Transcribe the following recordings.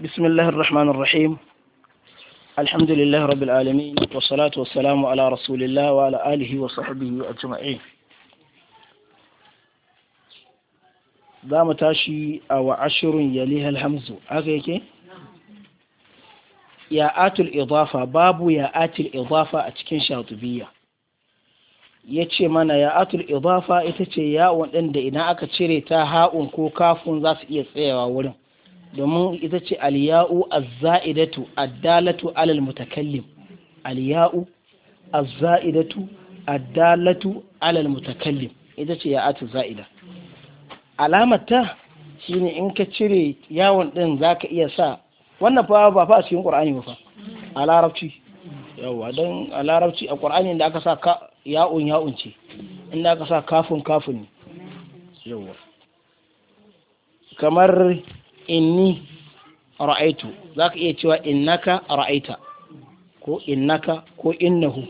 بسم الله الرحمن الرحيم الحمد لله رب العالمين والصلاة والسلام على رسول الله وعلى آله وصحبه أجمعين دام تاشي أو عشر يليها الحمز أغيكي يا آت الإضافة باب يا آت الإضافة أتكين شاطبية ya ce mana ya atul idafa ita ce yawon ɗin da ina aka cire ta ha'un ko kafun za su iya tsayawa wurin domin ita ce aliya'u azza'idatu addalatu alal mutakallim aliya'u azza'idatu addalatu alal mutakallim ita ce ya atu za'ida alamata shine in ka cire yawon din zaka iya sa wannan fa ba fa a cikin qur'ani ba fa a larabci yawa don a larabci a qur'ani da aka sa ya'un ya'un ce inda aka sa kafin kafin ne yawa kamar inni ra'aitu za ka iya cewa innaka ra'aita ko innaka ko innahu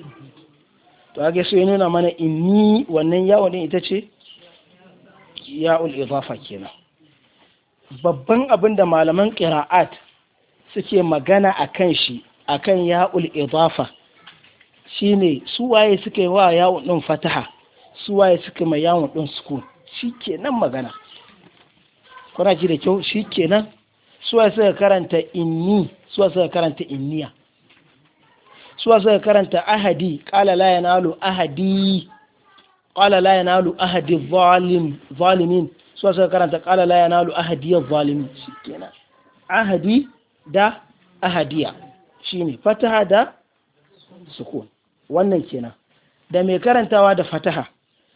to ake so ya nuna mana inni wannan yawon ne ita ce ya'ul idafa kenan babban abin da malaman qira'at suke magana a kan shi a akan ya'ul idafa shine su waye suke wa yawon din fataha su waye suke ma yawon din sukun shikenan magana kuna ji da kyau shi kenan suwa suka karanta inni suwa suka karanta inniya suwa suka karanta ahadi qala la yanalu ahadi qala la yanalu ahadi zalim zalimin suwa suka karanta qala la yanalu ahadi zalimin shi kenan ahadi da ahadiya shine fataha da sukun wannan kenan da mai karantawa da fataha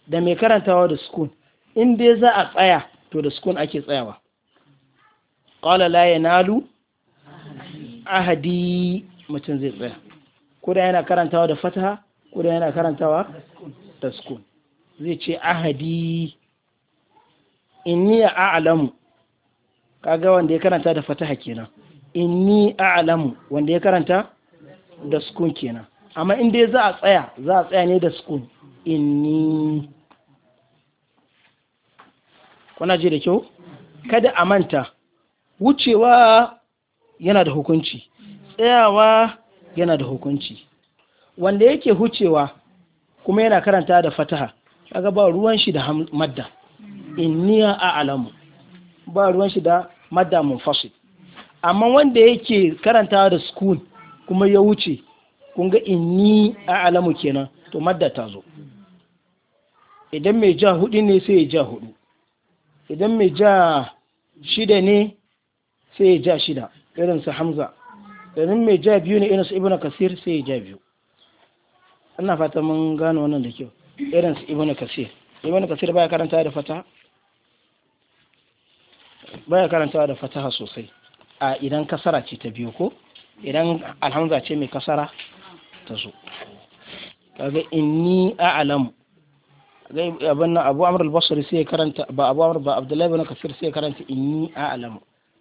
da mai karantawa da sukun in dai za a tsaya to da sukun ake tsayawa qala la nalu ahadi mutum zai tsaya kuda yana karantawa da fataha kuda yana karantawa da sukun zai ce ahadi inni a'lamu kaga wanda ya karanta da fataha kenan inni a'lamu wanda ya karanta da sukun kenan amma inda za a tsaya za a tsaya ne da sukun inni kuna ji da kyau kada a manta wucewa yana da hukunci tsayawa yana da hukunci wanda yake hucewa kuma yana karanta da fataha kaga ba ruwan shi da madda inniya a alamu ba ruwan shi da madda munfasil amma wanda yake karanta da sukun kuma ya wuce kun ga inni a alamu kenan to madda ta zo idan mai ja hudu ne sai ya ja hudu idan mai ja shida ne sai ya ja shida irin su hamza idan mai ja biyu ne irin su kasir sai ya ja biyu ina fata mun gano wannan da kyau irin su kasir ibina kasir baya karanta da fata baya karanta da fataha sosai a idan kasara ce ta biyu ko idan alhamza ce mai kasara ta zo kaga inni a'lamu zai abin nan abu amr al-basri sai karanta ba abu amr ba abdullahi ibn kasir sai karanta inni a'lamu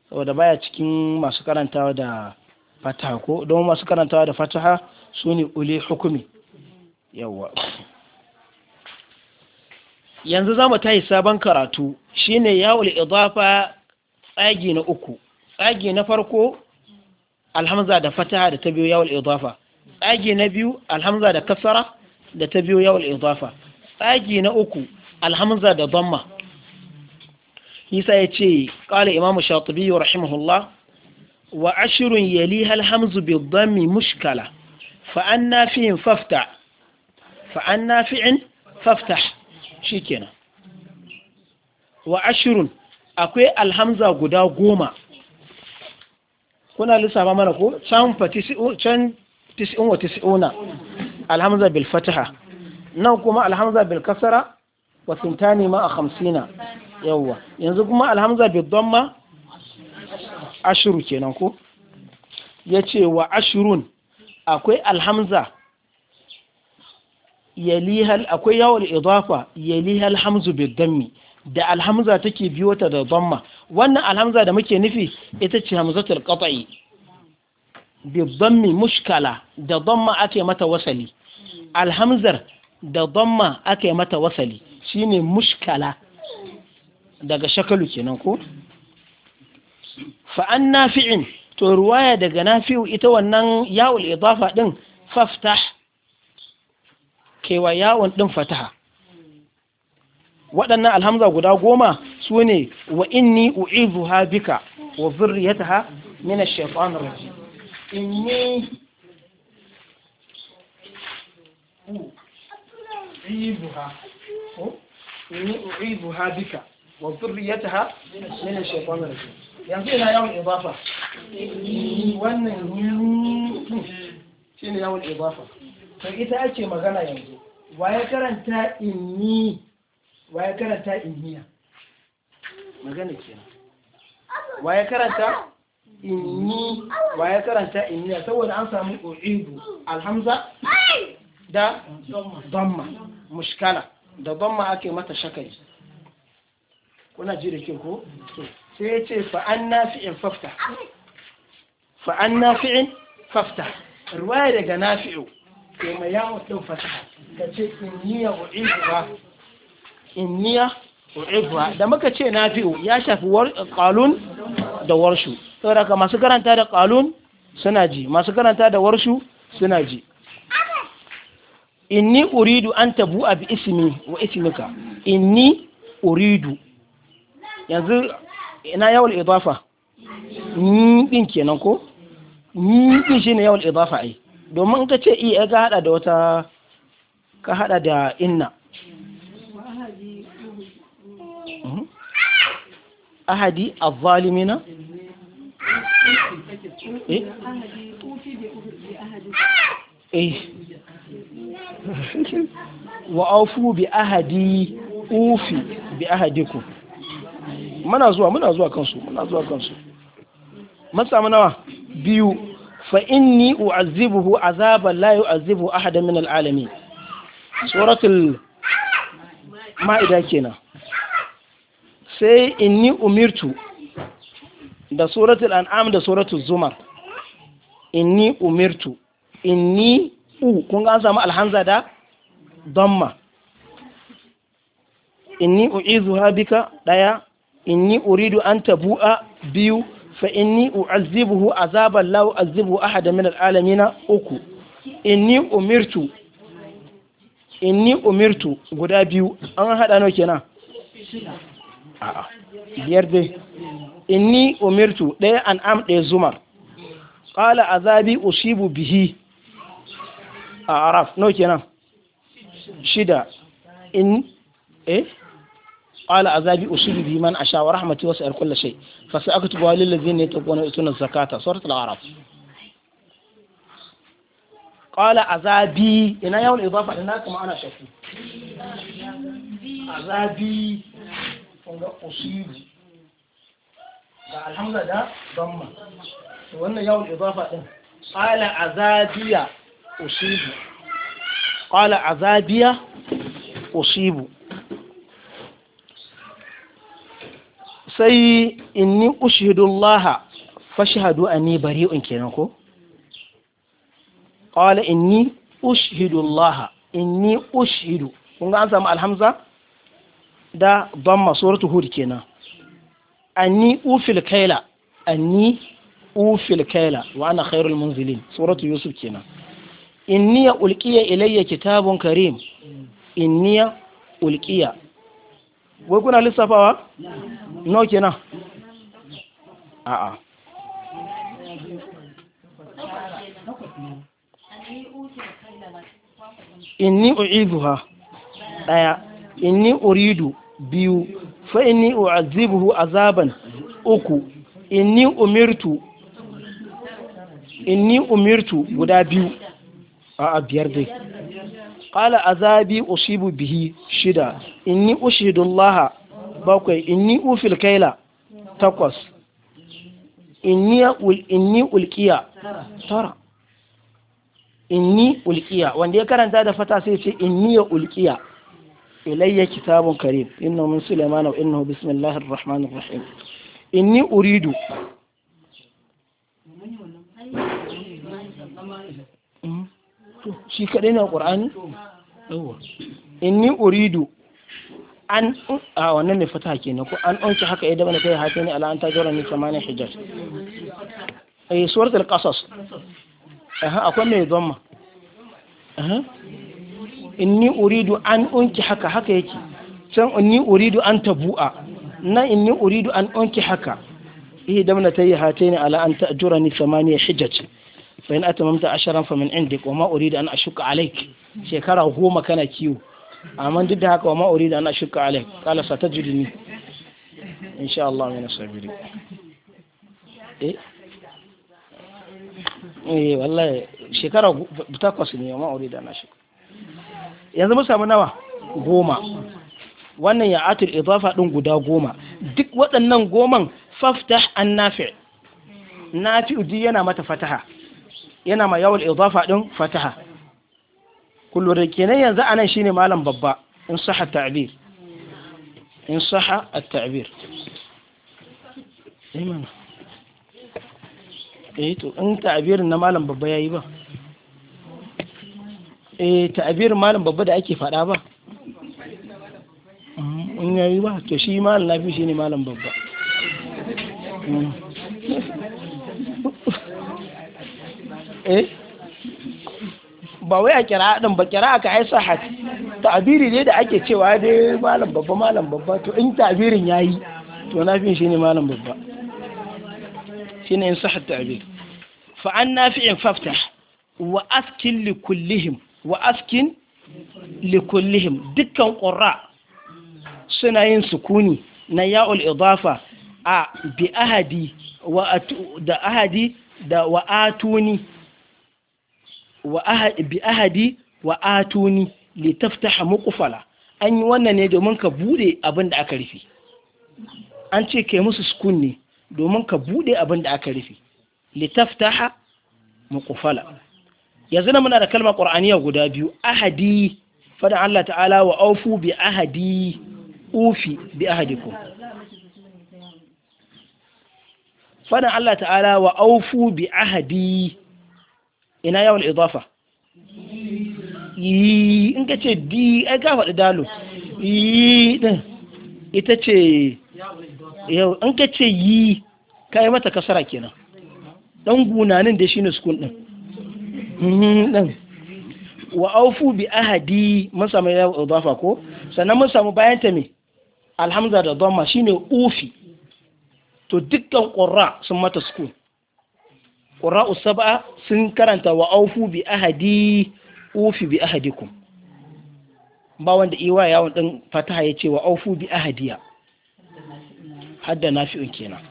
saboda baya cikin masu karantawa da fataha ko don masu karantawa da fataha su ne uli hukumi yawa yanzu za mu tayi sabon karatu shine yawul idafa tsagi na uku tsagi na farko alhamza da fataha da ta biyo yawul idafa tsagi na biyu alhamza da kasara da ta biyo yawul idafa tsagi na uku alhamza da dhamma yasa yace qala imam shatibi rahimahullah wa ashrun yaliha alhamzu bi dhammi mushkala fa anna fihin fafta fa anna fi'in faftah shikenan wa ashirin akwai alhamza guda goma kuna lissafa mana ko can fa tis'un wa tis'una alhamza bil fataha nan kuma alhamza bil kasara wa sintani ma a hamsina yawwa yanzu kuma alhamza bil dhamma ashuru kenan ko ya ce wa ashirun akwai alhamza yalihal akwai yawon idafa yalihal hamzu bil dhammi da alhamza take biyo ta da dhamma wannan alhamza da muke nufi ita ce hamzatul qat'i bil dhammi mushkala da dhamma ake mata wasali alhamzar da dhamma aka yi mata wasali shine mushkala daga shakalu kenan ko fa an nafi'in to ruwaya daga nafi'u ita wannan ya idafa din faftah kewa yawon din fataha waɗannan alhamza guda goma su ne wa inni u'izuha bika wa zurriyataha min ash-shaytan ar-rajim inni u'izuha ko inni u'izuha bika wa dhurriyataha min ash-shaytanir rajim yanzu ina yawon ibafa wannan shine yawon ibafa to ita ake magana yanzu waye karanta inni waye karanta inniya karanta inni waye saboda an samu u'idu alhamza da damma mushkala da ma ake mata shakari kuna ji da ke ko sai ce fa'an nafi'in fafta fa'an nafi'in fafta ruwaya daga nafi'u ke mai yawon ɗin fasaha ka ce in niya ibuwa in niya ibuwa da muka ce nafi'u ya shafi ƙalun da warshu saboda masu karanta da ƙalun suna ji masu karanta da warshu suna ji inni uridu an tabu bi ismi wa ismika inni uridu yanzu ina yawal idafa ni din kenan ko ni din shine yawal idafa ai domin ka ce iya ga hada da wata ka hada da inna mhm. ahadi azzalimina eh wa aufu bi ahadi ufi bi ahadikum muna zuwa muna zuwa kansu muna zuwa kansu mun samu nawa biyu fa inni u'azibuhu azaban la yu'azibu ahadan min al'alamin suratul ma'ida kenan sai inni umirtu da suratul an'am da suratul zumar inni umirtu inni u kun ga an samu alhanza da damma inni u'izuha bika daya inni uridu an tabu'a biyu fa inni u'azzibuhu azaban la u'azzibu ahada min al'alamina uku inni umirtu inni umirtu guda biyu an hada nawa kenan a'a biyar dai inni umirtu ɗaya am ɗaya zumar qala azabi usibu bihi a araf nau kenan shida in eh ala azabi usulu bi man asha wa rahmati wasu ar kulli shay fa sa'aktubu lil ladzina yatquna yutuna zakata surat al araf qala azabi ina yawon idafa ina kuma ana shaku azabi kunga usulu ga alhamza da damma wannan yawon idafa din qala azabiya usibu qala azabiya usibu sai inni ushidu Allah fashhadu anni bari'un kenan ko qala inni ushidu Allah inni ushidu kun ga an samu alhamza da damma suratu hud kenan anni ufil kaila anni ufil kaila wa ana khairul munzilin suratu yusuf kenan inniya ulqiya ilayya kitabun karim inniya ulkiya wai kuna lissafawa no kenan a'a inni u'izuha daya inni uridu biyu fa inni u'azibuhu azaban uku inni umirtu inni umirtu guda biyu a biyar dai qala azabi usibu bihi shida inni ushidullaha bakwai inni ufil kaila takwas inni ulkiya tara inni ulkiya wanda ya karanta da fata sai ce inni ya ulkiya ilayya kitabun karim inna min sulaiman wa innahu bismillahir rahmanir rahim inni uridu mm -hmm. shi kaɗai na qur'ani In inni uridu an a wannan mai fata kenan ko an ɗauki haka ya daba na kai haka ne ala an tajara ni hijjar a yi eh, suwar da ƙasas. aha akwai mai zama In inni uridu an unki haka haka yake can inni uridu an tabu'a in inni uridu an unki haka ihe eh, damna ta yi hatai ne ala an tajara ni samaniya hijjat fa in atamamta asharan fa min indik wa ma urida an ashuka alaik shekara goma kana kiwo amma duk da haka wa ma urida an ashuka alaik kala satajiduni insha Allah min asabiri eh eh wallahi shekara takwas ne ma urida an ashuka yanzu mun samu nawa goma wannan ya atul idafa din guda goma duk waɗannan goman faftah an nafi nafi yana mata fataha yana ma yawal idafa din fataha kullu da nan yanzu anan shine malam babba in saha ta'bir in saha at-ta'bir eh, eh to in ta'birin na malam babba yayi ba eh ta'birin malam babba da ake fada ba mm, in yayi ba to shi malam lafi shine malam babba mm. eh ba wai a kira din ba kira ka aisa hat ta'abiri ne da ake cewa dai malam babba malam babba to in ta'abirin yayi to na fi shine malam babba shine in sahih ta'abir fa an nafi'in faftah wa askin li kullihim wa askin li kullihim dukkan qurra suna yin sukuni na ya'ul idafa a bi ahadi wa da ahadi da wa'atuni. wa bi ahadi wa atuni li taftaha muqfala an yi wannan ne domin ka bude abin da aka rufe an ce kai musu sukun ne domin ka bude abin da aka rufe li taftaha muqfala yanzu na muna da kalmar qur'aniya guda biyu ahadi fada Allah ta'ala wa aufu bi ahadi ufi bi ahadikum fadan Allah ta'ala wa aufu bi ahadi ina yawon idafa yi in ka ce di ai ka faɗi dalo yi din ita ce yau in ka ce yi ka yi mata kasara kenan dan gunanin da shi ne sukun din din wa aufu bi ahadi mun samu yawon idafa ko sannan mun samu bayan ta me alhamza da dhamma shine ufi to dukkan qurra sun mata sukun ƙura'u saba'a sun karanta wa aufu bi ahadi ufi bi ahadikum ba wanda iwa yawon ɗin fataha ya ce wa aufu bi ahadiya hadda na fi'un kenan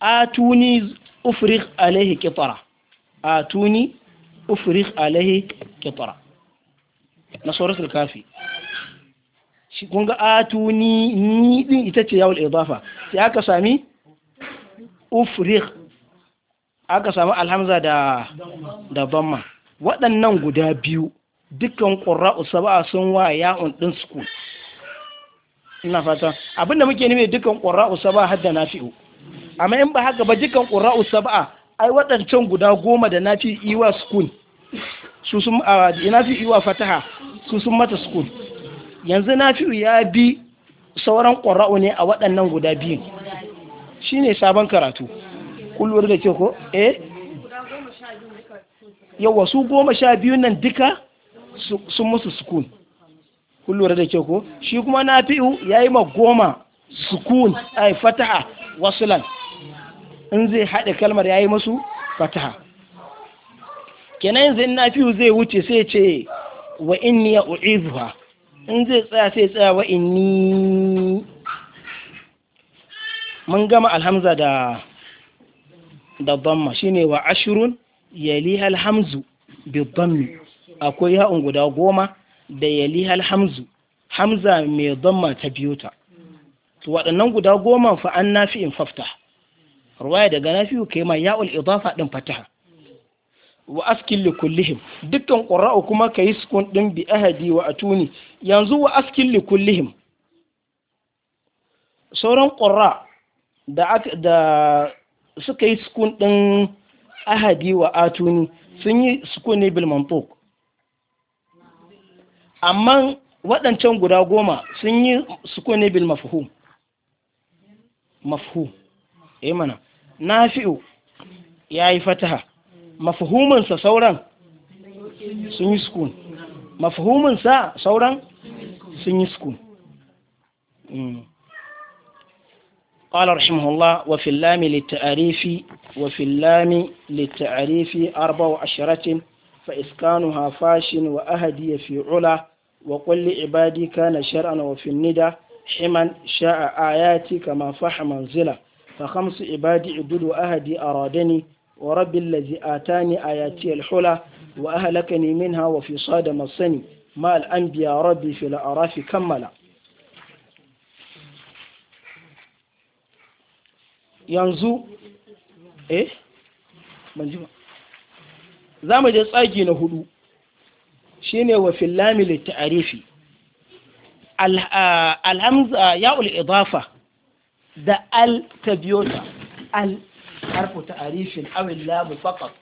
a tuni ufrik alaihi kitara a tuni ufrik alaihi kitara na sauransu kafi shi kun ga tuni ni din ita ce yawon idafa sai aka sami ufrik aka samu alhamza da da bamma waɗannan guda biyu dukkan ƙura'u saba'a sun wa ya'un ɗin suku ina fata abinda muke nime dukkan ƙura'u saba'a hadda fi'u amma in ba haka ba dukkan ƙura'u saba'a ai waɗancan guda goma da nafi iwa suku su sun a nafi iwa fataha su sun mata suku yanzu na fi'u ya bi sauran ƙura'u ne a waɗannan guda biyun shine sabon karatu kulwar da ke ko eh yawa su goma sha biyu nan duka sun musu sukun kulwar da ke ko shi kuma na fi'u ya yi ma goma sukun yi fataha wasulan in zai haɗe kalmar ya yi masu fataha kenan zai na fi'u zai wuce sai ce wa inni ya u'izuha in zai tsaya sai tsaya wa inni mun gama alhamza da da dhamma shine wa ashrun yaliha alhamzu bi akwai ya'un guda goma da yaliha alhamzu hamza mai dhamma ta biyo ta to waɗannan guda goma fa an nafi'in fafta ruwaya daga nafi'u kai ma ya'ul idafa din fataha wa askin li kullihim dukkan qurra'u kuma kayi sukun din bi ahadi wa atuni yanzu wa askin li kullihim sauran qurra da da suka yi sukun ɗin ahadi wa atuni sun yi sukun ne bilmantok amma waɗancan guda goma sun yi sukun ne bilmafuhu mafuhu yi eh mana nafi'u ya yi fataha mafuhuminsa sauran sun yi sukun mafuhuminsa sauran sun yi sukun hmm. قال رحمه الله وفي اللام للتعريف وفي اللام للتعريف أربع عشرة فإسكانها فاش وأهدي في علا وقل لعبادي كان شرعا وفي الندى حما شاء آياتي كما فح منزلة فخمس عبادي عدد وأهدي أرادني ورب الذي آتاني آياتي الحلى وأهلكني منها وفي صادم الصني ما الأنبياء ربي في الأراف كملا yanzu eh ban ji ba za mu je tsagi na hudu ne wa fillami littarifi alhamza ya'ul idafa da al tabiyota al harfu ta'arifin aw labu faqat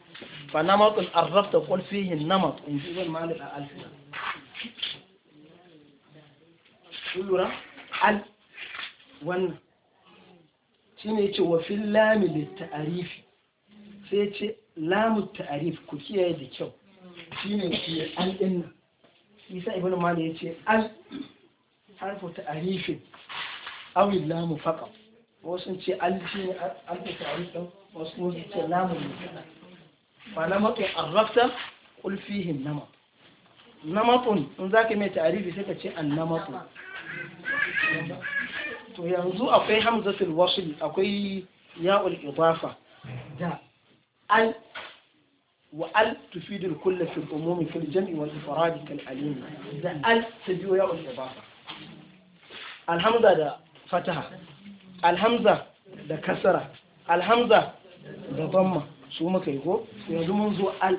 fa namatul arrafta qul fihi namat in ji ibn malik al kullura al wannan shine yace wa fil lam ta'arifi? sai yace lamu ta'arif ku kiyaye da kyau shine shi an din Isa ibn Malik yace al harfu ta'arifin aw lamu faqat wasu ce al shine al ta'rif wasu ce Ba fa namatu arrafta qul fihi namat namatun in zaka mai ta'arifi sai ka ce an namatun to yanzu akwai hamzatul wasl akwai ya'ul idafa da al wa al tufidul kulla fil umumi fil jam'i wal ifrad kal alim da al tabiyo ya'ul idafa alhamza da fataha alhamza da kasara alhamza da dhamma su muka yi ko yanzu mun zo al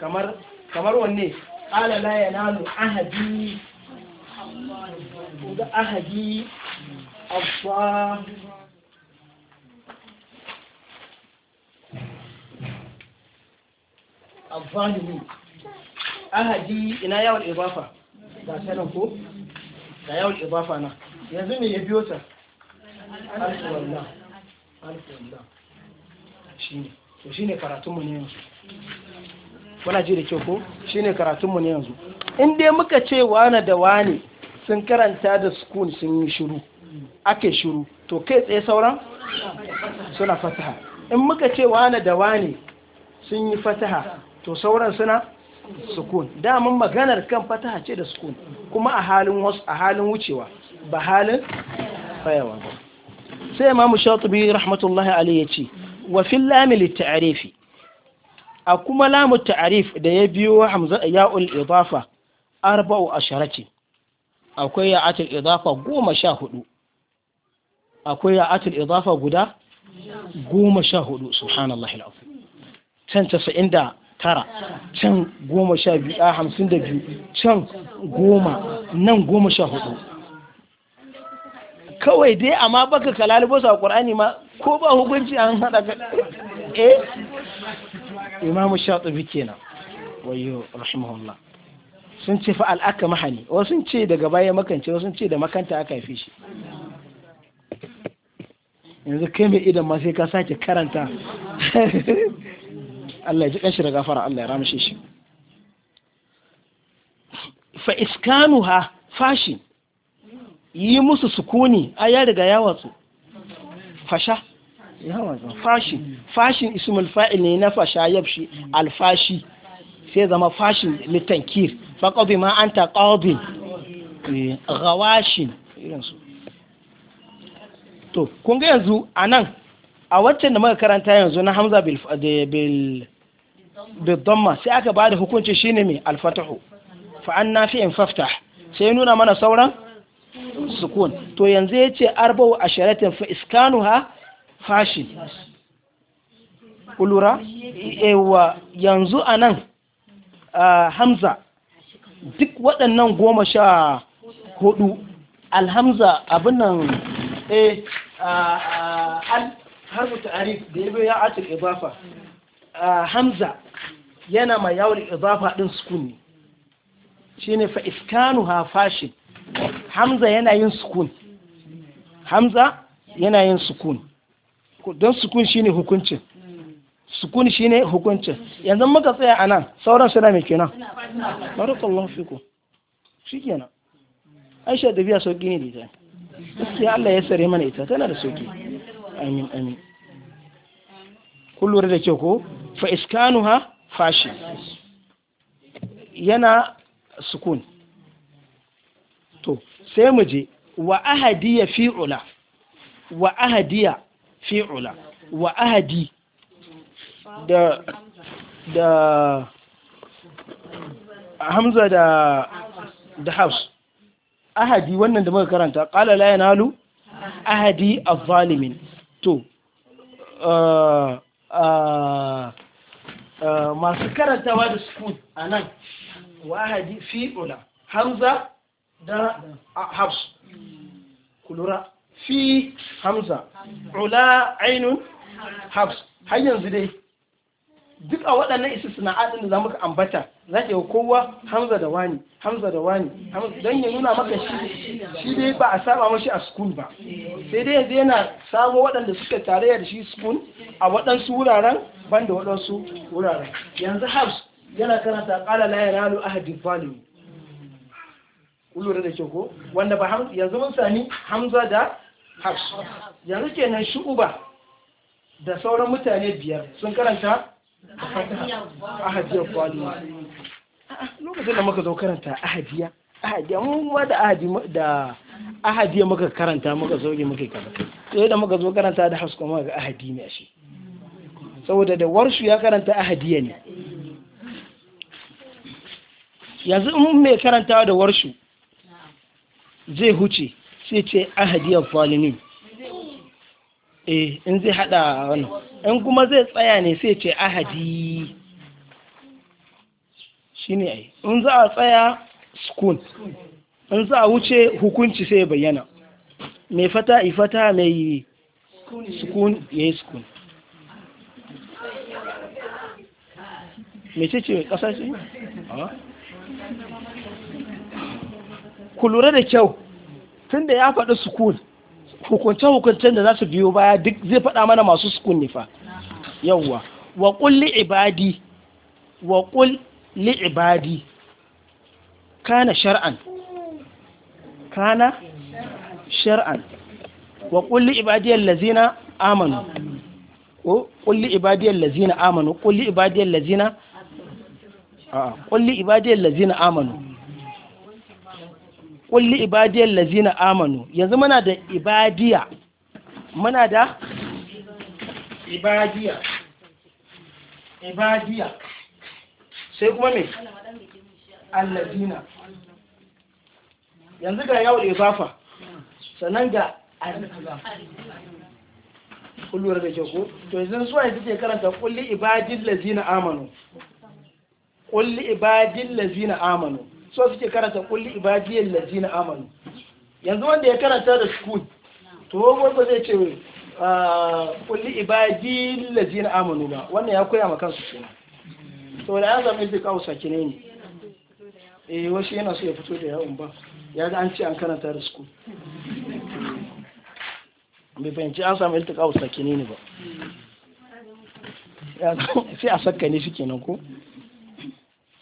kamar kamar wanne ala la yanalu ahadi ahadi الضاد الظالمين ahadi ina yawon ibafa Ga sanan ko da yawon ibafa na yanzu ne ya biyo ta alfuwallah alfuwallah shi ne to shi ne karatunmu ne yanzu wana ji da kyau ko shi ne karatunmu ne yanzu Inde muka ce wane da wane sun karanta da sukun sun yi shiru ake shuru to kai tsaye sauran suna fataha in muka ce wane da wane sun yi fataha to sauran suna sukun daman maganar kan fataha ce da sukun kuma a halin wasu a halin wucewa ba halin fayawa ba sai imamu shatibi rahmatullahi alayhi ya ce wa fil lamil ta'rifi a kuma lamu ta'rif da ya biyo hamza ya'ul idafa arba'u asharati akwai ya'atul idafa goma sha hudu akwai ya atul idafa guda goma sha hudu subhanallah al'afu can casa'in da tara can goma sha biyu a hamsin da biyu can goma nan goma sha hudu kawai dai amma baka kalalibo a qur'ani ma ko ba hukunci an hada ka eh imamu shatibi kenan wayo rahimahullah sun ce fa al'aka mahani wasu ce daga baya makance wasu ce da makanta aka haife shi yanzu kai mai idan ma sai ka sake karanta Allah ya ji kanshi da gafara Allah ya ramshe shi fa iskanuha fashi yi musu sukuni a ya riga ya watsu fasha fashi fashin ismul fa'il ne na fasha yabshi alfashi sai zama fashi litankir faqadi ma anta qadin eh, gawashin irin su to kun ga yanzu a nan a waccan da muka karanta yanzu na hamza bil eh, damma sai aka ba da hukunci shine mai alfatahu fa an in faftah sai nuna mana sauran sukun to yanzu ya ce arba'u asharatin fa iskanuha fashin kulura ewa yanzu a nan hamza duk waɗannan goma sha hudu alhamza abin nan Eh, da ya hamza yana mai yawon izafa din sukun ne shi ne fa ha fashi. hamza yana yin sukun hamza yana yin sukun don sukun shi ne hukuncin sukun shi ne hukuncin yanzu muka tsaya a nan sauran suna mai kenan barakallahu fiku shikenan aisha da biya sauƙi ne da ita gaskiya Allah ya sare mana ita tana da soke amin amin kullure da ke ko fa iskanuha fashi yana sukun to sai mu je wa ahadiya fi'ula wa ahadiya fi'ula wa ahadi da da hamza da da house ahadi wannan da muka karanta qala la yanalu ahadi az-zalimin to uh, uh, uh, masu karantawa da sukun a nan wahadi fi'ula hamza da hafs kulura fi hamza ula ainun hafs har yanzu dai duk a waɗannan istisna'a din da za muka ambata za ke kowa hamza da wani hamza da wani don ya nuna maka shi shi dai ba a saba mashi a school ba sai dai yanzu yana samo waɗanda suka tare da shi school a waɗansu wuraren ban da waɗansu wuraren yanzu hafs yana karanta ƙala la a ahadin zalimi Kullum da ke ko wanda ba yanzu mun sami hamza da hafs yanzu kenan shu'uba da sauran mutane biyar sun karanta ahadiyar kwaliyo lokacin da muka zo karanta ahadiya ahadiya mun ma da ahadi da ahadiya muka karanta muka zoge muka karanta sai da muka zo karanta da hasko muka ga ahadi ne ashe saboda da warshu ya karanta ahadiya ne yanzu in mai karantawa da warshu zai huce sai ce ahadiyar kwaliyo eh in zai hada wannan in kuma zai tsaya ne sai ce ahadi shine ai in za a tsaya sukun in za a wuce hukunci sai bayyana mai fata ifata mai sukun ya yi sukun mece ce ƙasa ce? Ah. ku lura da kyau tun da ya faɗi sukun hukunce-hukuncen da za su biyo baya duk zai faɗa mana masu sukun nifa yawwa wa ƙulli ibadi wa ƙulli ibadi kana shar'an kana shar'an wa ƙulli ibadiyar lazina amanu ko kulli ibadiyal lazina amanu Ƙulli ibadiyar lazina a kulli ibadiyal lazina amanu kulli ibadiyar lazina amanu yanzu muna da ibadiya muna da ibadiya ibadiya sai kuma me allazina yanzu ga yawon ibafa sannan ga kullum da ke ko to yanzu suwa yanzu ke karanta kulli ibadin lazina amanu kulli ibadin lazina amanu so suke karanta kulli ibadiyyal ladina amanu yanzu wanda ya karanta da sukun to gobe zai ce kulli ah, ibadiyyal ladina amanu ba wannan ya koya kansu kenan to da an zama zai kawo sakine ne eh wasu yana so ya fito da yawon ba ya ga an ce an karanta da sukun bai fahimci an samu iltika sakine ne ba sai a sakka ne shi kenan ko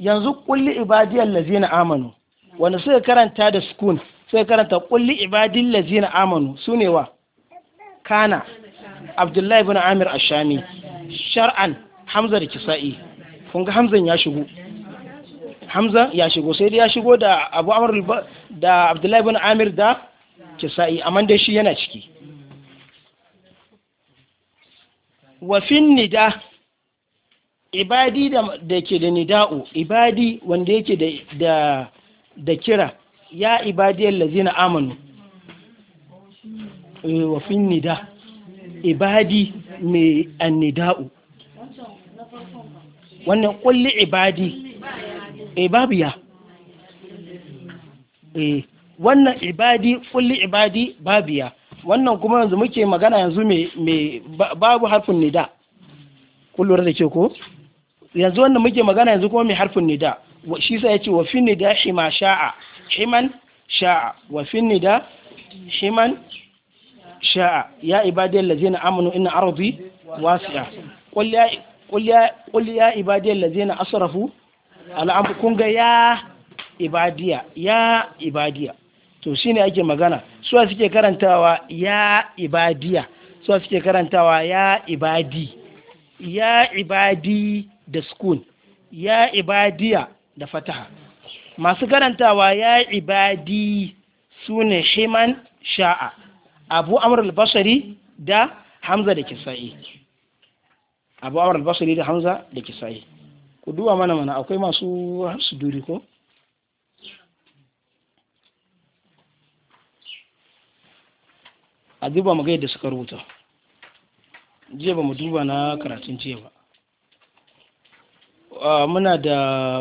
yanzu kulli ibadiyar lazina amanu wanda suka karanta da sukun suka karanta kulli ibadiyar lazina amanu sune wa kana abdullahi bin amir ashami shar'an hamza da kisa'i kun ga hamzan ya shigo hamza ya shigo sai dai ya shigo da abu amur da abdullahi bin amir da kisa'i amma dai shi yana ciki Wafin nida ibadi da ke da nida'u ibadi wanda yake da da kira ya ibadiyar lazina amanu eh, wafin nida ibadi mai annida'u wannan kulli ibadi ibabiya eh, eh, wannan ibadi kulli ibadi babiya wannan kuma yanzu muke magana yanzu mai babu harfin nida kullum da ke ko? yanzu wanda muke magana yanzu kuma mai harfin nida shi sai ya ce wa fin nida hima sha'a himan sha'a wa fin nida himan sha'a ya ibadiyar lazina amanu ina arabi wasi'a qul ya ibadiyar lazina asrafu al'amfu kun ga ya ibadiya ya ibadiya to shine ake magana suwa suke karantawa ya ibadiya suwa suke karantawa ya ibadi ya ibadi da sukun ya ibadiya da fataha masu karantawa ya ibadi su ne himan sha'a abu amur albashari basari da hamza da kisa'i abu amur albashari basari da hamza da kisa'i ku duba mana mana akwai masu harsu duri ko a duba magayar da suka rubuta jiya ba mu duba na karatun jiya ba Ah, muna da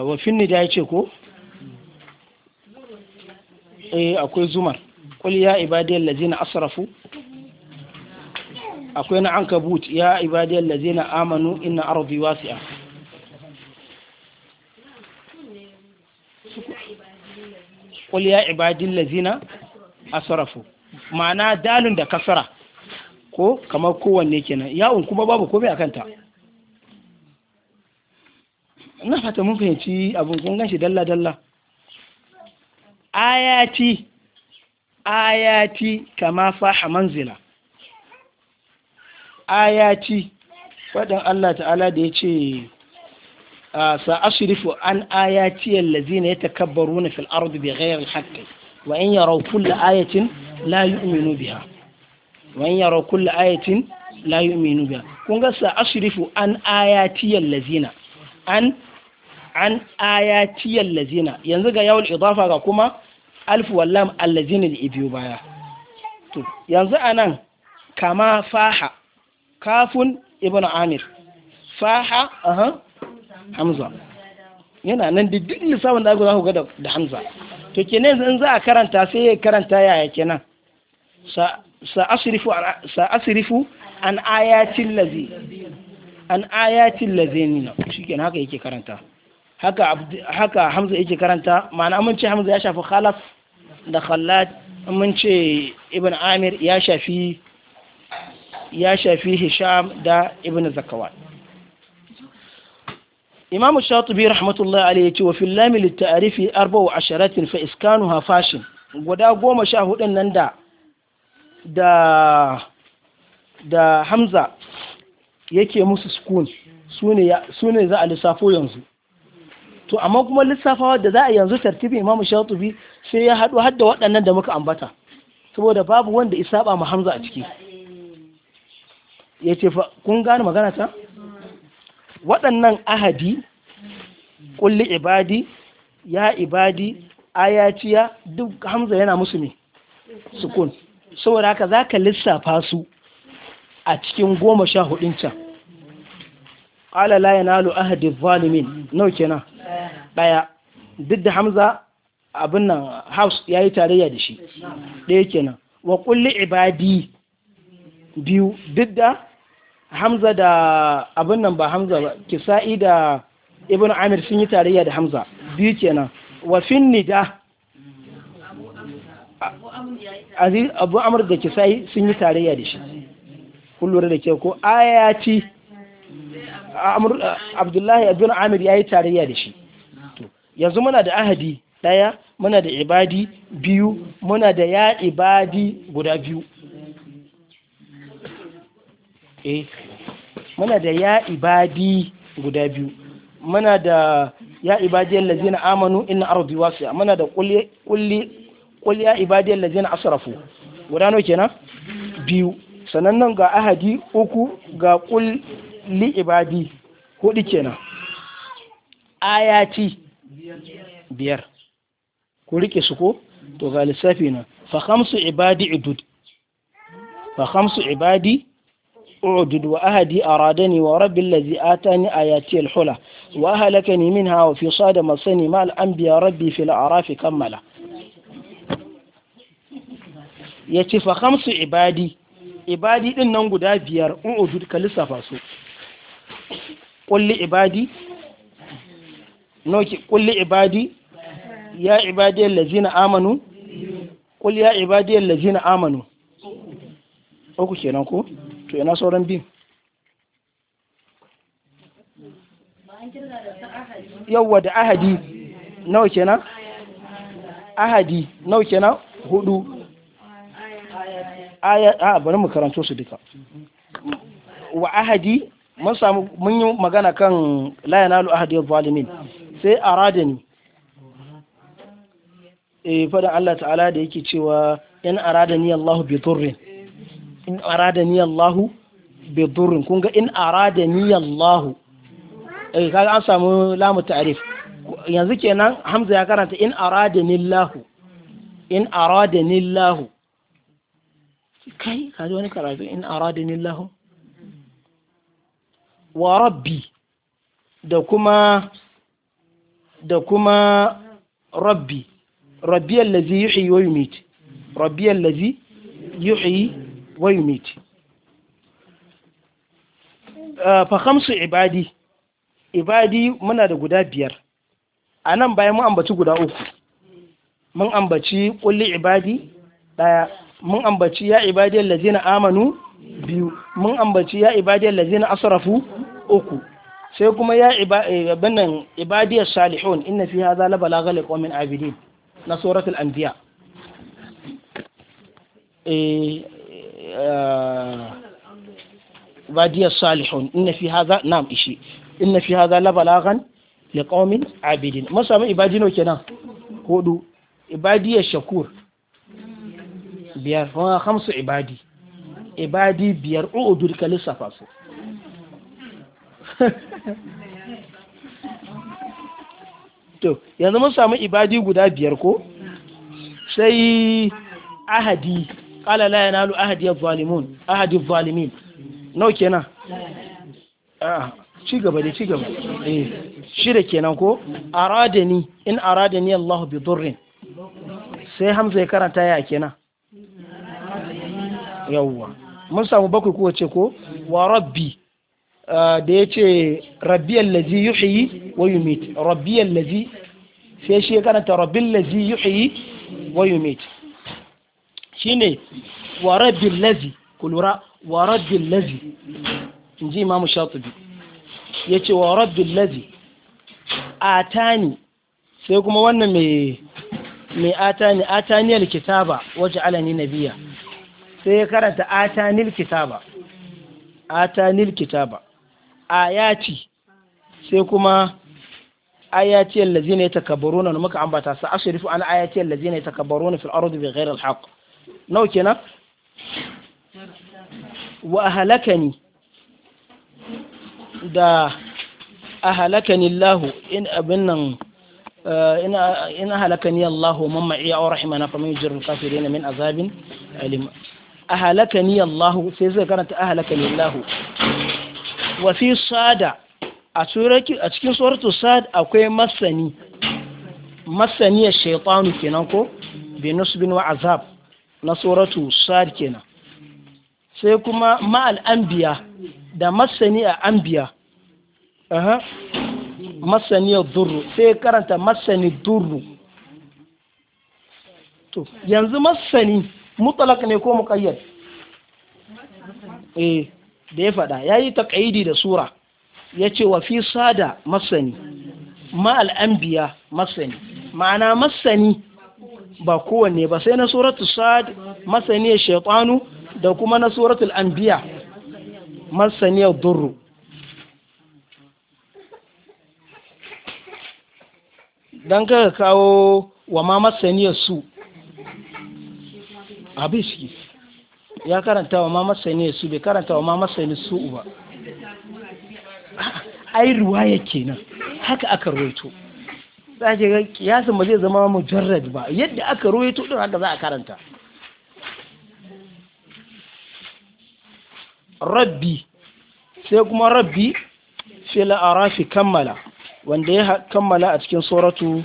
wafin nida ya ce ko eh akwai zumar qul ya ibadiyal ladina asrafu akwai na ankabut ya ibadiyal lazina amanu ina arobi wasi'a qul ya ibadil ladina asrafu ma'ana dalin da kasara ko kamar kowanne kenan yawon kuma babu komai akan ta na fata mun fahimci abin kun ganshi dalla dalla ayati ayati kama faha manzila ayati faɗin Allah ta'ala da ya ce sa'ashirifu an ayati allazina yatakabbaruna fil ardi bighayri haqqi wa in yaraw kulla ayatin la yu'minu biha wa in yaraw kulla ayatin la yu'minu biha kun ga sa'ashirifu an ayati allazina an an ayatiyar lazina yanzu ga yawon idafa ga kuma alfu wallam allazinin ibiyu baya to yanzu a nan kama faha kafun ibn amir faha aha hamza yana nan da duk lissafin da za ku ga da hamza to kenan in za a karanta sai ya karanta yaya nan sa asirifu an ayatin lazi an ayatin lazini shi kenan haka yake karanta haka haka hamza yake karanta ma'ana mun hamza ya shafi khalaf da khallad mun ibn amir ya shafi ya shafi hisham da ibn zakawat imam shatibi rahmatullahi alayhi ce wa fil lam lit ta'rifi arba'u asharatin fa iskanuha fashin guda goma sha hudun nan da da da hamza yake musu sukun sune sune za a lissafo yanzu to amma kuma lissafawa da za a yanzu tartibin imamu shatubi sai ya haɗu hadda waɗannan da muka ambata saboda babu wanda isa ma hamza a ciki ya ce fa kun gane magana ta waɗannan ahadi kulli ibadi ya ibadi ayaciya duk hamza yana musu ne sukun saboda haka za ka lissafa su a cikin goma sha hudun can ala la yanalu ahdi zalimin nau kenan daya duk da hamza abin nan house yayi tarayya da shi daya kenan wa kulli ibadi biyu duk da hamza da abin nan ba hamza ba kisa'i da ibn amir sun yi tarayya da hamza biyu kenan wa fin nida abu amur da kisa'i sun yi tarayya da shi kullum da ke ko ayati abdullahi abin amir ya yi tarayya da shi yanzu muna da ahadi daya muna da ibadi biyu muna da ya ibadi guda biyu eh, muna da ya ibadi guda biyu muna da ya ibadiyar na amanu arobi wasu ya muna da kulli ya ibadiyar na asrafu guda nawa kenan biyu sanannan ga ahadi uku ga kul li ibadi hudu kenan ayati biyar ku rike su ko to ga lissafi na fa khamsu ibadi idud fa khamsu ibadi أعدد وأهدي أرادني ورب الذي آتاني آياتي الحلى وأهلكني منها وفي صاد مصني مع الأنبياء ربي في الأعراف كملا يتفى خمس عبادي عبادي إن ننقضى بيار أعدد كالسفاسو kulli ibadi noki kulli ibadi ya ibadi allazina amanu kul ya ibadi allazina amanu oku kenan ko to ina sauran biyu yawwa da ahadi nawa kenan ahadi nawa kenan hudu aya a bari mu karanto su duka wa ahadi mun samu mun yi magana kan la yanalu ahadi zalimin sai aradani eh fadan Allah ta'ala da yake cewa in aradani Allah bi durrin in aradani Allah bi durrin kun ga in aradani Allahu eh kaga an samu lamu ta'rif yanzu kenan Hamza ya karanta in aradani Allah in aradani Allah kai kaji wani karatu in aradani Allah wa rabbi da kuma da kuma rabbi rabbi allazi yuhyi wa yumit rabbi allazi yuhyi wa yumit ah, fa khamsu ibadi ibadi muna da guda biyar a nan bayan mun ambaci guda uku mun ambaci kulli ibadi daya mun ambaci ya ibadi allazina amanu biyu mun ambaci ya ibadiyar lazina asrafu uku sai kuma ya eh, ibadiyar salihun inna fi hadha la balagha li abidin na suratul anbiya eh, eh ibadiyar salihun inna fi hadha na'am ishi inna fi hadha la li abidin kenan hudu ibadiyar shakur biyar kuma ibadi ibadi biyar u'udur ka lissafa su to yanzu mun samu ibadi guda biyar ko sai ahadi kala la nalu ahadi ya zalimun ahadi zalimin nau kenan ah ci gaba da ci gaba eh shida kenan ko aradani in aradani Allah bi durrin sai hamza ya karanta ya kenan yawwa mun samu bakwai ko ce ko wa rabbi ah, da ya ce rabbi allazi yuhyi wa yumit rabbi allazi sai shi ya karanta rabbi allazi yuhyi wa yumit shine wa rabbi allazi kulura wa rabbi allazi inji imam shatibi yace wa rabbi allazi atani sai kuma wannan mai mai atani atani alkitaba waje alani nabiya sai ya karanta atanil kitaba atanil kitaba ayati sai kuma ayati allazina yatakabbaruna da muka ambata sa ashrifu an ayati allazina yatakabbaruna fil ardi bighayri al haqq nau kenan wa ahlakani da ahlakani allah in abin nan eh, ina halakani Allah man ma'iya wa rahimana fa man yujirul kafirin min azabin alim ahalakani Allah sai zai karanta ahalakani Allah wa fi sada a cikin suratul sad akwai masani ya shaitanu kenan ko bi nusbin wa azab na suratu sad kenan sai kuma ma'al anbiya da masani a anbiya aha ya durru sai karanta masani durru to yanzu masani mutalak ne ko muƙayyad eh da ya faɗa ya yi taƙaidi da sura ya ce wa fi sada masani ma al'ambiya masani ma'ana masani ba kowanne ba sai na suratu sad masani da kuma na suratul al’ambiya masani durru don ka kawo wa ma masani su habishki ya karanta wa sai ne su bai karanta wa sai masani su uba ai ruwaya kenan haka aka roito za ga kiyasin ba zai zama mujarrad ba yadda aka roito din haka za a karanta rabbi sai kuma rabbi fil arafi kammala wanda ya kammala a cikin suratu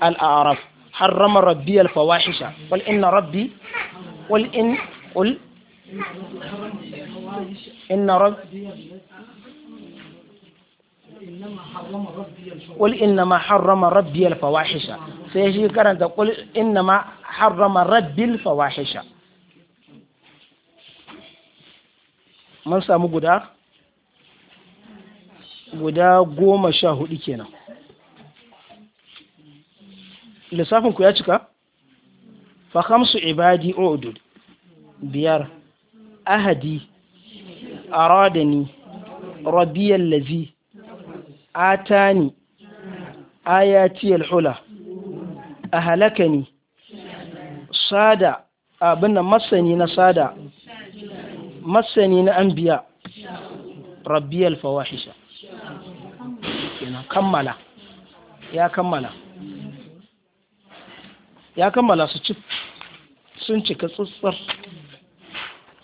al-araf حرم ربي الفواحش قل إن ربي قل إن قل إن ربي قل إنما حرم ربي الفواحش سيجي كرن تقول إنما حرم ربي الفواحش من سامو غدا غدا غوما شاهد كنا lissafin ku ya cika fa khamsu ibadi udud biyar ahadi aradani rabiyal ladhi atani ayati al-hula ahlakani sada abin nan masani na sada masani na anbiya rabbiyal fawahisha yana kammala ya kammala ya kammala su cif sun cika tsutsar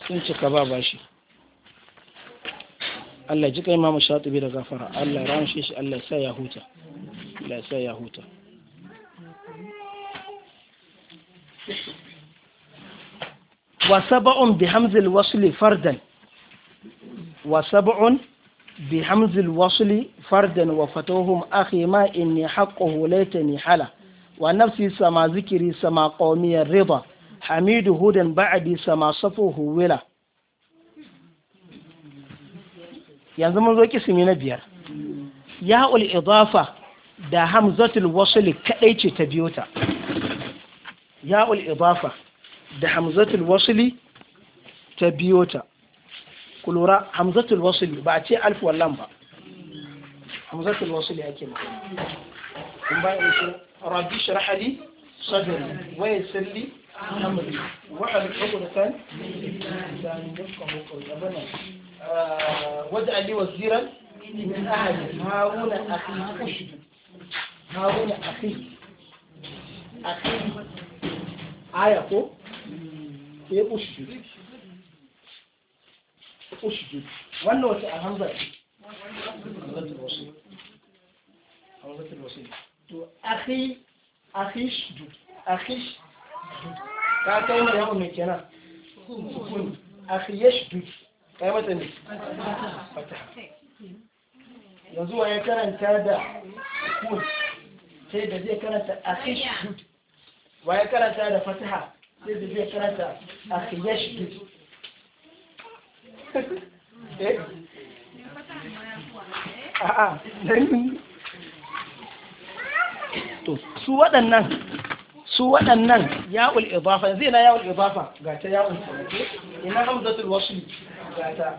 sun cika ba bashi Allah ji kai mamu shatibi da gafara Allah ya ramshe shi Allah ya sa ya huta Allah ya sa ya huta wa sab'un bi hamzil wasli fardan wa sab'un bi hamzil wasli fardan wa fatuhum akhi ma inni haqqahu laitani hala wa nafsi sama zikiri sama qawmiyar riba hamidu hudan ba'adi sama safo huwila. yanzu mun zo kisimi na biyar ya'ul idafa da hamzatul wasli kadai ce ta biyo ta ya'ul idafa da hamzatul wasli ta biyo ta kulura hamzatul wasli ba a ce alf wallan ba hamzatul wasli ake magana kun ba ربي شرح لي صدري ويسر لي أمري وحل عقدة من يفقه لي وزيرا من أهلي هارون أخي هارون أخي أخي آية إيه أشجد أشجد وأنا وتأهل ذلك همزة الوصيل الوصيل to akhi akhishdu akhishdu ka kai mai yawon mai kenan sukun akhishdu kai mata ne fata yanzu wa karanta da kun sai da zai karanta akhishdu wa ya karanta da fataha sai da zai karanta akhishdu eh a'a su waɗannan su waɗannan ya'ul idafa yanzu ina ya'ul idafa ga ta ya'ul ina hamzatul wasl ga ta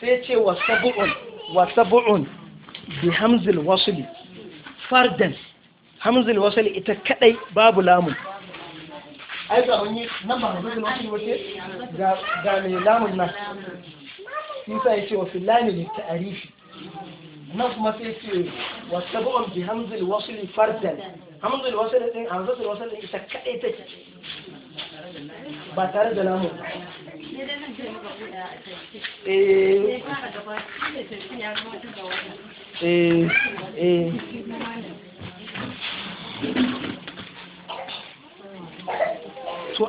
sai ce wa sab'un wa sab'un bi hamzil wasl fardan hamzil wasl ita kadai babu lamun ai ga wani nan ba hamzil wasl wace ga ga mai lamun nan sai ya ce wa filani ta'arifi nan kuma sai ce wasu bu'un bi hamzul wasuli fardan hamzul wasuli din hamzul wasuli din ita ba tare da namu to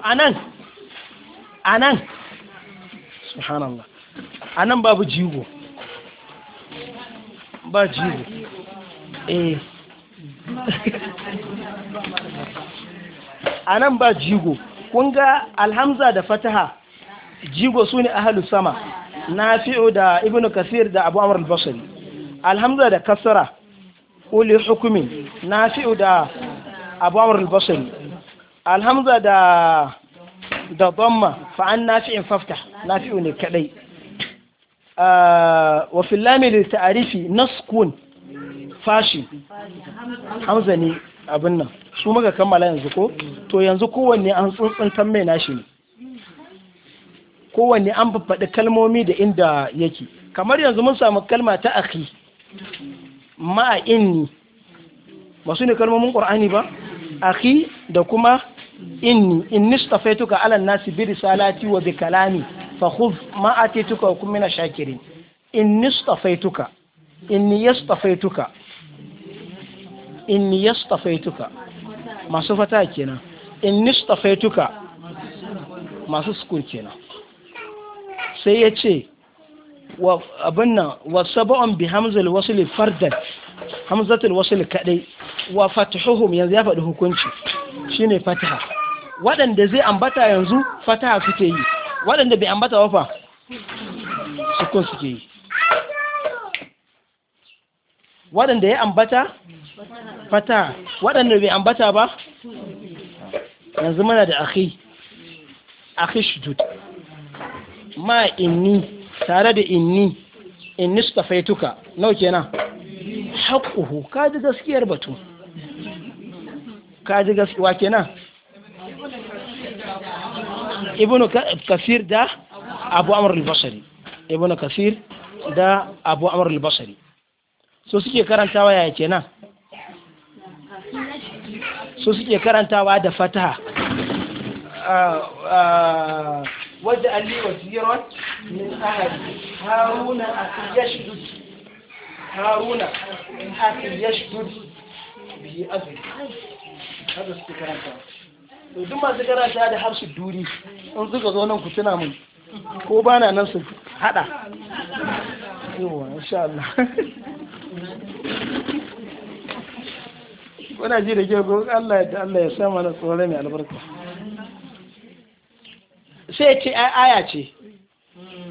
anan babu jigo ba jibo eh. a nan ba jigo kun ga alhamza da fataha jigo su ne ahalus sama na fi'o da ibn kasir da abu amur al-bashari alhamza da kasara uli hukumin na fi'o da abu amur al-bashari alhamza da da dhamma fa'an nafi'in fafta nafi'u ne kadai wa filami da ta'arifi naskun fashi hamza ne abin nan su muka kammala yanzu ko to yanzu kowanne an tsuntsuntan mai nashi ne kowanne an faɗi kalmomi da inda yake kamar yanzu mun samu kalma ta akhi ma'a inni ba su ne kalmomin ƙur'ani ba akhi da kuma inni inni stafaituka 'Alan nasi bi risalati wa bi kalami fa khudh ma atituka wa kun mina shakirin inni istafaituka inni yastafaituka inni yastafaituka masu fata kenan inni istafaituka masu sukun kenan sai ya ce wa abin nan wa sab'un bi hamzal wasl fardan hamzatul wasl kadai wa fatuhuhum yanzu ya faɗi hukunci shine fataha waɗanda zai ambata yanzu fataha suke yi waɗanda bai ambata wafa sukun suke yi waɗanda ya ambata fata waɗanda bai ambata ba yanzu mana da ake akhi shudud ma inni tare da inni inni suka faituka nau kenan haƙƙuhu ka ji gaskiyar batu ka ji gaskiya kenan ابن كثير ده ابو عمر البشري ابن كثير ده ابو عمر البشري سو سيكي كارانتاوا يا كينا سو سيكي كارانتاوا ده فتح ا آه، آه، ود علي وزير من اهل هارون اخي يشد هارون اخي يشد بي اذن هذا سيكي كارانتاوا to duk masu karanta da harshe duri in suka zo nan ku tuna mun ko ba na nan su hada yawa insha Allah kuna ji da kyau Allah ya Allah ya sa mana tsore mai albarka sai ce ai aya ce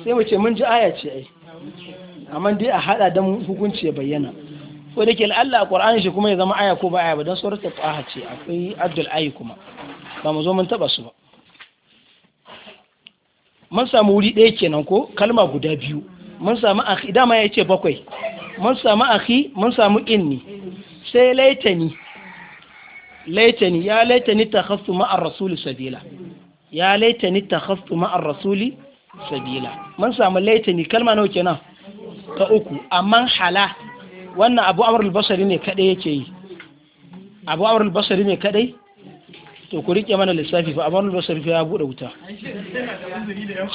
sai mu ce mun ji aya ce ai amma dai a hada da hukunci ya bayyana ko da ke Allah Qur'ani shi kuma ya zama aya ko ba aya ba dan suratul Taha ce akwai Abdul Ayi kuma ba mu zo mun taba su ba mun samu wuri ɗaya kenan ko kalma guda biyu mun samu akhi dama ya ce bakwai mun samu akhi mun samu inni sai laitani laitani ya laitani ta hastu ma'ar rasuli sabila ya laitani ta hastu ma'ar rasuli sabila mun samu laitani kalma nawa kenan ta uku amma hala wannan abu amur basari ne kadai yake yi abu amur basari ne kadai to ku rike mana lissafi fa abin sarfi ya bude wuta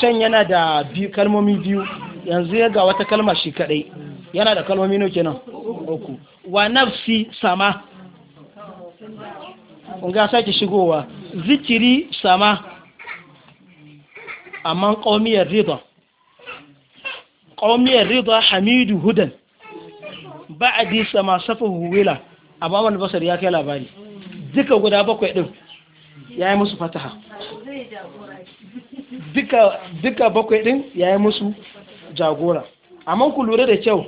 can yana da biyu kalmomi biyu yanzu ya ga wata kalma shi kadai yana da kalmomi nau kenan uku wa nafsi sama kun ga sake shigowa zikiri sama amma qaumiyar rida qaumiyar rida hamidu hudan ba'di sama safahu wila abawal basar ya kai labari duka guda bakwai din ya yi musu fataha duka bakwai din ya yi musu jagora amma ku lura da kyau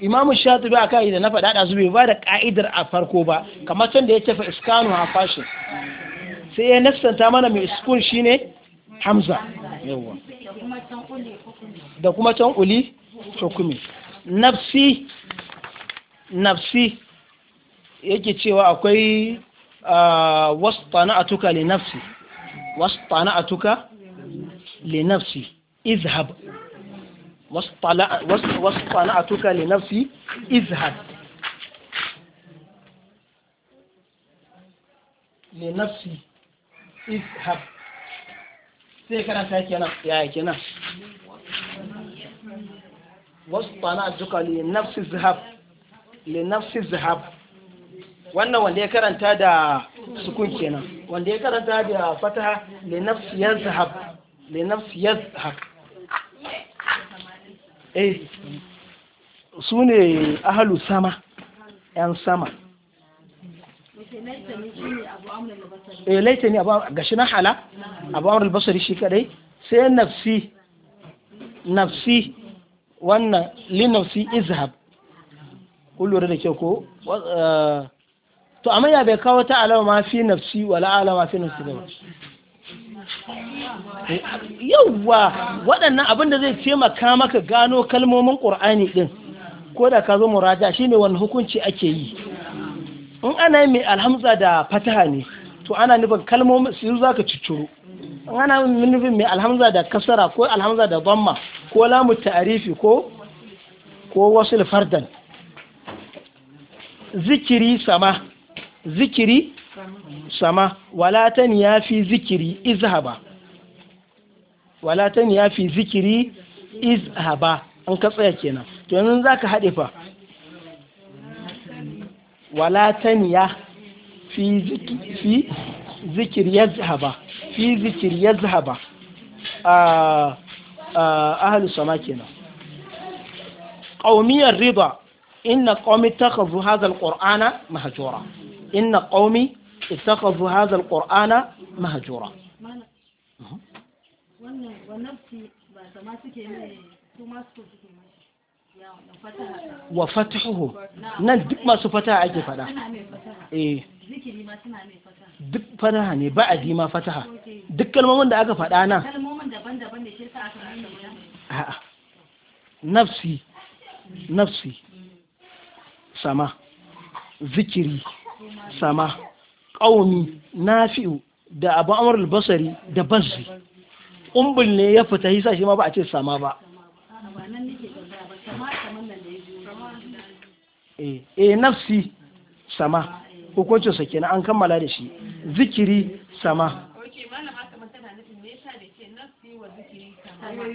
imamu shatibi a kai da na faɗa da zube ba da ka'idar a farko ba kamar can da ya tafi iskanu a fashin sai ya nasanta mana mai iskun shine hamza yawa da kuma can uli hukumi nafsi nafsi yake cewa akwai آه، واصطنعتك لنفسي واصطنعتك لنفسي اذهب واصطنعتك لنفسي اذهب لنفسي اذهب سي كان ساكنا يا كنا واصطنعتك لنفسي اذهب لنفسي اذهب wannan wanda ya karanta da sukun kenan wanda ya karanta da fataha Le nafsi yazhab Le nafsi yazhab eh su ne ahalu sama yan sama eh laita ne abu gashi na hala abu amr al-basri shi kadai sai nafsi nafsi wannan li nafsi izhab kullu da ke ko eh, to amma ya bai kawo ta alama ma fi nafsi wala alama fi nafsi ba yawwa waɗannan abin da zai taimaka maka gano kalmomin ƙur'ani din, ko da ka zo muraja shine wani hukunci ake yi in ana yi mai alhamza da fataha ne to ana nufin kalmomin su za ka cicciro in ana nufin mai alhamza da kasara ko alhamza da bamma ko lamu ta'arifi ko ko wasu fardan zikiri sama zikiri sama walatan ya fi zikiri izhaba walatan ya fi zikiri izhaba an ka tsaya kenan to yanzu za ka haɗe fa walatan ya fi zikiri yazhaba fi zikiri yazhaba a ahalu sama kenan ƙaumiyar riba inna ƙaumi ta kazu hazal ƙor'ana mahajora inna qaumi ittakhadhu hadha alqur'ana mahjura wannan wannan wa fatahuhum nan duk masu fataha ake fada eh duk fataha ne ba adi ma fataha duk kalmomin da aka fada nan a'a nafsi nafsi sama zikiri sama ƙaumi fi'u, da abu amur albasari da bazzi umbul ne ya fita hisa shi ma ba a ce sama ba e nafsi sama hukuncin sa kenan an kammala da shi zikiri sama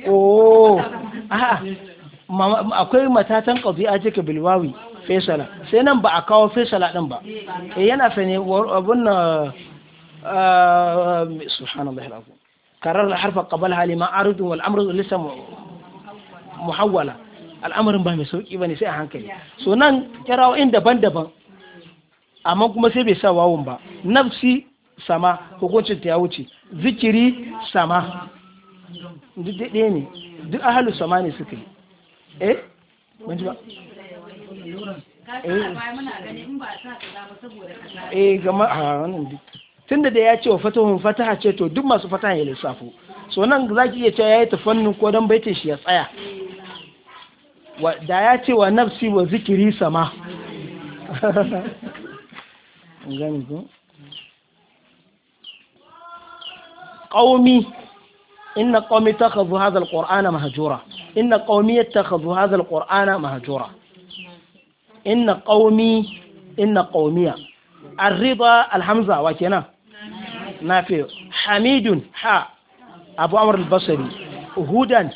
oh akwai matatan ƙabi'a jika bilwawi fesala sai nan ba a kawo fesala din ba e yana fene abun na ah, subhanallahi alazim karar harfa hali ma arid wal amru lisa muhawwala al'amarin ba mai sauki bane sai a hankali so nan kirawoyin daban-daban amma kuma sai bai sa wawun ba nafsi sama hukuncin ta ya wuce zikiri sama duk daɗe ne duk ahalu sama ne suka yi eh ba Eh. eh gama a wannan tunda da ya ce wa fatahun fataha ce to duk masu fataha ya lissafo so nan za ki iya cewa ya yi tafannin ko don baitin shi ya tsaya da ya ce wa nafsi wa zikiri sama قومي إن قومي اتخذوا هذا القرآن مهجورا إن قومي اتخذوا هذا ƙor'ana مهجورا inna qaumi inna qaumiya arriba alhamza wa kenan nafi hamidun ha abu amr al hudan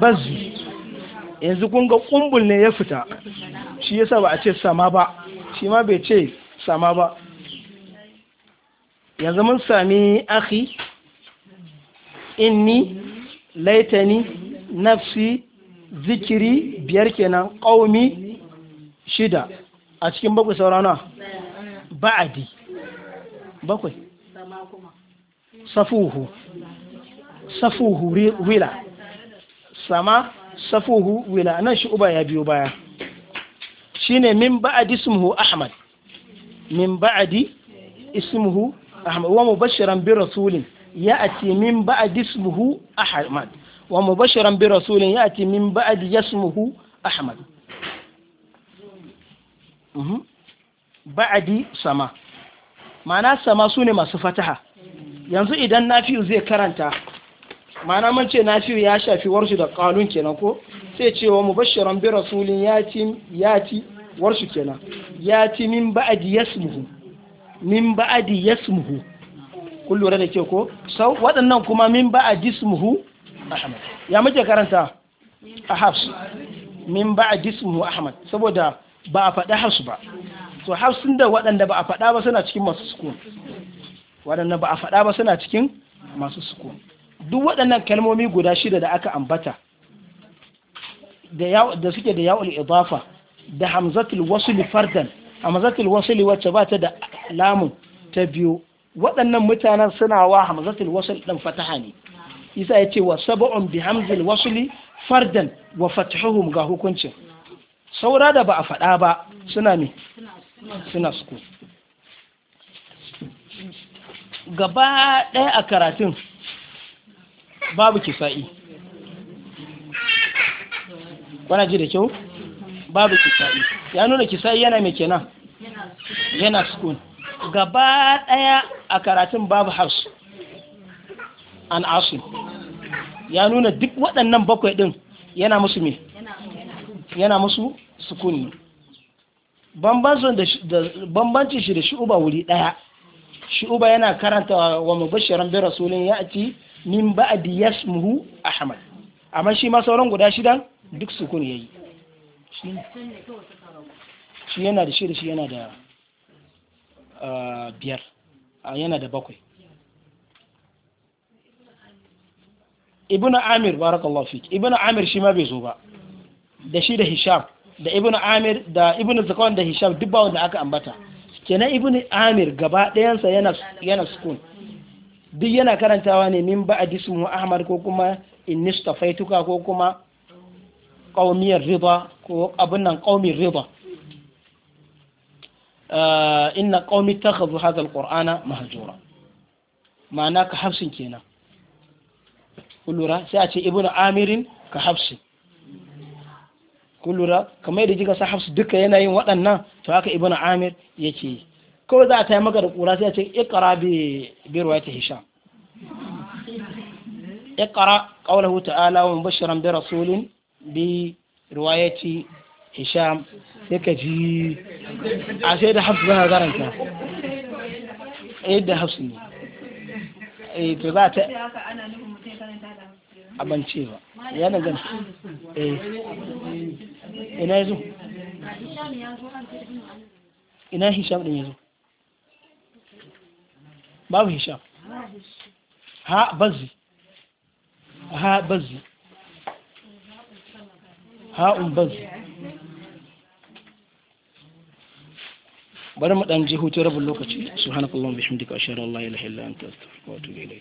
bazzi yanzu kun ga kumbul ne ya fita shi yasa ba a ce sama ba shi ma bai ce sama ba yanzu mun sami akhi inni laitani nafsi zikiri biyar kenan ƙaumi shida a cikin bakwai saurana ba'adi bakwai safuhu safuhu wila sama safuhu wila nan shi uba ya biyo baya shine min ba'adi ismuhu ahmad min ba'adi ismuhu ahmad wa mubashiran bi rasulin ya ati min ba'adi ismuhu ahmad wa mubashiran bi rasulin ya'ti min ba'di yasmuhu ahmad mhm. ba'adi sama ma'ana sama su ne masu fataha yanzu idan nafi'u zai karanta ma'ana mun ce nafi'u ya shafi warshi da kalun kenan ko sai ce wa mubashiran bi rasulin yati yati warshi kenan yati min ba'adi yasmuhu min ba'adi yasmuhu kun lura da ke ko sau waɗannan kuma min ba'adi ismuhu ahmad ya muke karanta a hafs min ba a jismu ahmad saboda ba a faɗi hafs ba to hafsin da waɗanda ba a faɗa ba suna cikin masu sukun waɗanda ba a faɗa ba suna cikin masu sukun duk waɗannan kalmomi guda shida da aka ambata da suke da ya'ul idafa da hamzatul wasuli fardan hamzatul wasuli wacce ba ta da lamun ta biyu waɗannan mutanen suna wa hamzatul wasul ɗin fataha ne isa ya ce wa sab'un bi hamzil wasli fardan wa fathuhum ga hukuncin saura da ba a faɗa ba suna ne suna suku gaba ɗaya a karatun babu kisa'i wana ji da kyau babu kisa'i ya nuna kisa'i yana mai kenan yana sukun gaba ɗaya a karatun babu harsu an asim ya nuna duk waɗannan bakwai ɗin yana musu me yana musu sukuni bambancin shi da shi'uba wuri ɗaya shi'uba yana karanta wa mubashiran bi rasulin ya ati min ba'di yasmuhu ahmad amma shi ma sauran guda shidan duk sukuni yayi shi yana da shi da shi yana da ah, biyar ah, yana da bakwai Ibnu amir barakallahu fik ibn amir shi ma bai zo ba da shi da hisham da Ibnu amir da Ibnu zakwan da hisham duk ba wanda aka ambata kenan Ibnu amir gaba ɗayansa yana yana sukun duk yana karantawa ne min ba mu ahmad ko kuma innistafaituka ko kuma qaumiyar riba ko abin nan qaumir riba uh, inna qaumi takhadhu hadha alqur'ana mahjura ma'ana ka hafsin kenan kullura sai a ce ibnu amirin ka hafsi kullura kamar yadda kika sa hafsu duka yana yin waɗannan to haka ibnu amir yake yi kawai za a taya maka da kura sai a ce iqra bi bi ruwayati hisham iqra qawluhu ta'ala wa mubashiran bi rasulin bi ruwayati hisham sai ka ji a sai da hafsu za garanta eh da hafsu ne eh to za ta abance ba ya danganta eh ina yazo ina hisham din yazo babu hisham ha bazzi ha bazzi ha un bazzi bari mu dan je hutun rabin lokaci subhanakallahumma bihamdika ashhadu an la ilaha illa anta astaghfiruka wa atubu ilayk